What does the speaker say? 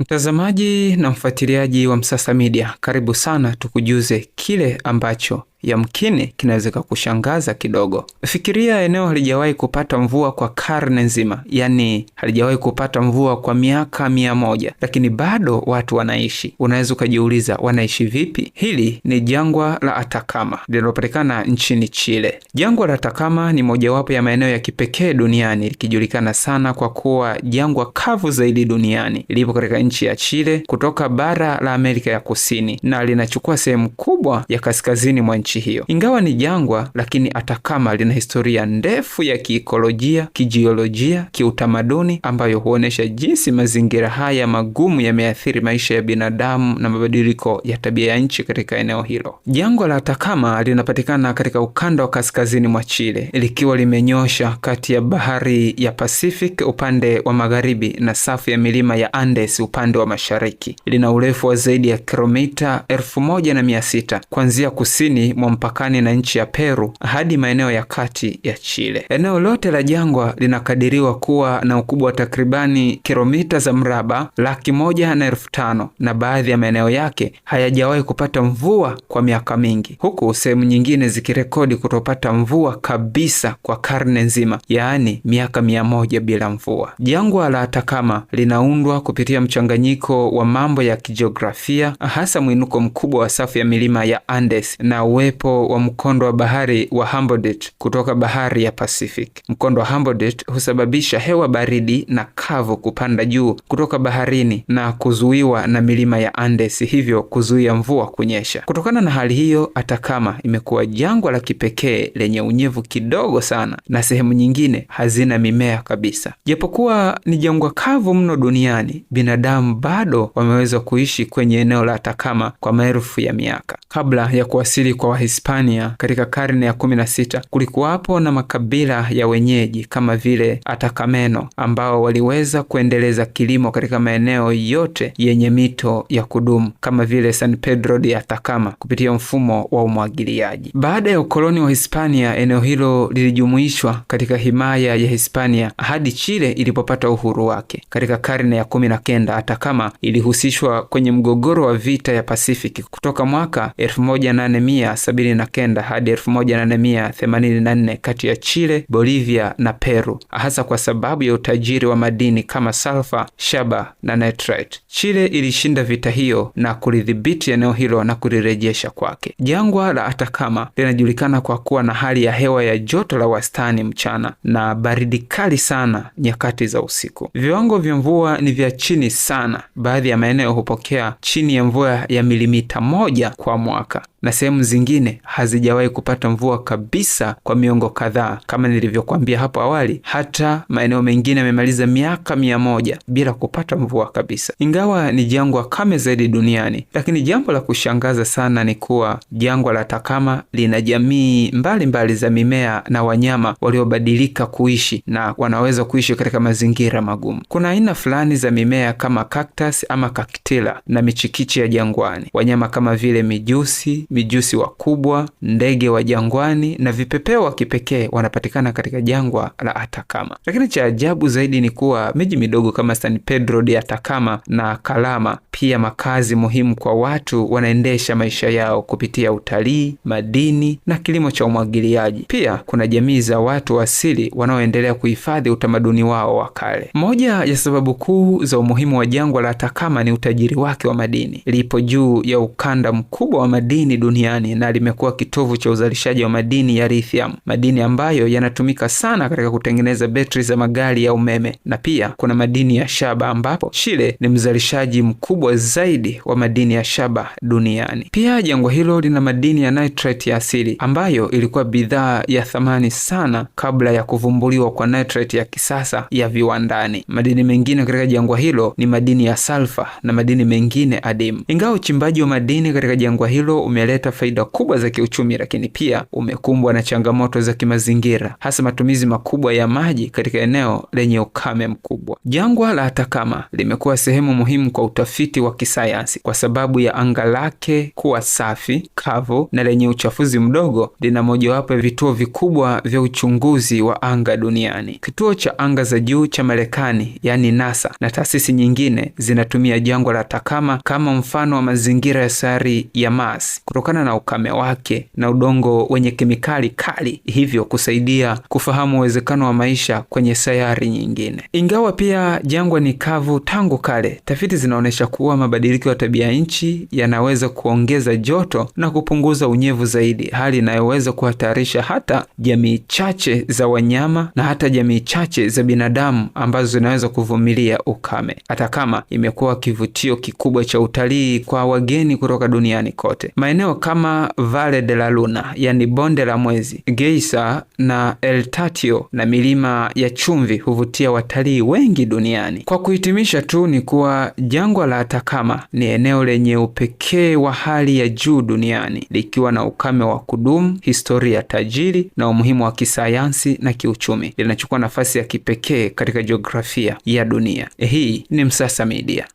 Mtazamaji na mfuatiliaji wa Msasa Media, karibu sana tukujuze kile ambacho yamkini kinaweza kushangaza kidogo. Fikiria eneo halijawahi kupata mvua kwa karne nzima, yani halijawahi kupata mvua kwa miaka mia moja, lakini bado watu wanaishi. Unaweza ukajiuliza wanaishi vipi? Hili ni jangwa la Atakama linalopatikana nchini Chile. Jangwa la Atakama ni mojawapo ya maeneo ya kipekee duniani, likijulikana sana kwa kuwa jangwa kavu zaidi duniani. Lipo katika nchi ya Chile kutoka bara la Amerika ya Kusini na linachukua sehemu kubwa ya kaskazini mwa nchi nchi hiyo. Ingawa ni jangwa, lakini Atakama lina historia ndefu ya kiikolojia, kijiolojia, kiutamaduni ambayo huonyesha jinsi mazingira haya magumu yameathiri maisha ya binadamu na mabadiliko ya tabia ya nchi katika eneo hilo. Jangwa la Atakama linapatikana katika ukanda wa kaskazini mwa Chile likiwa limenyosha kati ya bahari ya Pacific upande wa magharibi na safu ya milima ya Andes upande wa mashariki. Lina urefu wa zaidi ya kilomita elfu moja na mia sita kuanzia kusini mwa mpakani na nchi ya Peru hadi maeneo ya kati ya Chile. Eneo lote la jangwa linakadiriwa kuwa na ukubwa wa takribani kilomita za mraba laki moja na elfu tano na baadhi ya maeneo yake hayajawahi kupata mvua kwa miaka mingi, huku sehemu nyingine zikirekodi kutopata mvua kabisa kwa karne nzima, yaani miaka mia moja bila mvua. Jangwa la Atakama linaundwa kupitia mchanganyiko wa mambo ya kijiografia, hasa mwinuko mkubwa wa safu ya milima ya Andes na we upepo wa mkondo wa bahari wa Humboldt kutoka bahari ya Pacific. Mkondo wa Humboldt husababisha hewa baridi na kavu kupanda juu kutoka baharini na kuzuiwa na milima ya Andes, hivyo kuzuia mvua kunyesha. Kutokana na hali hiyo, Atakama imekuwa jangwa la kipekee lenye unyevu kidogo sana na sehemu nyingine hazina mimea kabisa, japokuwa ni jangwa kavu mno duniani, binadamu bado wameweza kuishi kwenye eneo la Atakama kwa maelfu ya miaka. Kabla ya kuwasili kwa Wahispania katika karne ya 16, kulikuwapo na makabila ya wenyeji kama vile Atakameno ambao waliweza kuendeleza kilimo katika maeneo yote yenye mito ya kudumu kama vile San Pedro de atakama kupitia mfumo wa umwagiliaji. Baada ya ukoloni wa Hispania, eneo hilo lilijumuishwa katika himaya ya Hispania hadi Chile ilipopata uhuru wake katika karne ya 19. Atakama ilihusishwa kwenye mgogoro wa vita ya Pasifiki kutoka mwaka 1879 hadi 1884 kati ya Chile, Bolivia na Peru, hasa kwa sababu ya utajiri wa madini kama salfa, shaba na nitrite. Chile ilishinda vita hiyo na kulidhibiti eneo hilo na kulirejesha kwake. Jangwa la Atakama linajulikana kwa kuwa na hali ya hewa ya joto la wastani mchana na baridi kali sana nyakati za usiku. Viwango vya mvua ni vya chini sana, baadhi ya maeneo hupokea chini ya mvua ya milimita moja kwa mwa. mwaka. na sehemu zingine hazijawahi kupata mvua kabisa kwa miongo kadhaa. Kama nilivyokuambia hapo awali, hata maeneo mengine yamemaliza miaka mia moja bila kupata mvua kabisa. Ingawa ni jangwa kame zaidi duniani, lakini jambo la kushangaza sana ni kuwa jangwa la Takama lina jamii mbalimbali mbali za mimea na wanyama waliobadilika kuishi na wanaweza kuishi katika mazingira magumu. Kuna aina fulani za mimea kama cactus ama kaktila na michikichi ya jangwani, wanyama kama vile mijusi mijusi wakubwa, ndege wa jangwani na vipepeo wa kipekee wanapatikana katika jangwa la Atakama. Lakini cha ajabu zaidi ni kuwa miji midogo kama San Pedro de Atakama na Kalama, pia makazi muhimu kwa watu, wanaendesha maisha yao kupitia utalii, madini na kilimo cha umwagiliaji. Pia kuna jamii za watu wa asili wanaoendelea kuhifadhi utamaduni wao wa kale. Moja ya sababu kuu za umuhimu wa jangwa la Atakama ni utajiri wake wa madini. Lipo juu ya ukanda mkubwa wa madini duniani na limekuwa kitovu cha uzalishaji wa madini ya lithium, madini ambayo yanatumika sana katika kutengeneza betri za magari ya umeme, na pia kuna madini ya shaba ambapo Chile ni mzalishaji mkubwa zaidi wa madini ya shaba duniani. Pia jangwa hilo lina madini ya nitrate ya asili ambayo ilikuwa bidhaa ya thamani sana kabla ya kuvumbuliwa kwa nitrate ya kisasa ya viwandani. Madini mengine katika jangwa hilo ni madini ya salfa na madini mengine adimu. Ingawa uchimbaji wa madini katika jangwa hilo ume umeleta faida kubwa za kiuchumi, lakini pia umekumbwa na changamoto za kimazingira, hasa matumizi makubwa ya maji katika eneo lenye ukame mkubwa. Jangwa la Atakama limekuwa sehemu muhimu kwa utafiti wa kisayansi kwa sababu ya anga lake kuwa safi, kavu na lenye uchafuzi mdogo. Lina mojawapo ya vituo vikubwa vya uchunguzi wa anga duniani. Kituo cha anga za juu cha Marekani, yani NASA, na taasisi nyingine zinatumia jangwa la Atakama kama mfano wa mazingira ya sayari ya Mars kutokana na ukame wake na udongo wenye kemikali kali, hivyo kusaidia kufahamu uwezekano wa maisha kwenye sayari nyingine. Ingawa pia jangwa ni kavu tangu kale, tafiti zinaonyesha kuwa mabadiliko ya tabia nchi yanaweza kuongeza joto na kupunguza unyevu zaidi, hali inayoweza kuhatarisha hata jamii chache za wanyama na hata jamii chache za binadamu ambazo zinaweza kuvumilia ukame, hata kama imekuwa kivutio kikubwa cha utalii kwa wageni kutoka duniani kote. Maeneo maeneo kama Valle de la Luna, yani bonde la mwezi, Geisa na El Tatio na milima ya chumvi huvutia watalii wengi duniani. Kwa kuhitimisha tu ni kuwa jangwa la Atakama ni eneo lenye upekee wa hali ya juu duniani likiwa na ukame wa kudumu, historia tajiri na umuhimu wa kisayansi na kiuchumi. Linachukua nafasi ya kipekee katika jiografia ya dunia. Hii ni Msasa Media.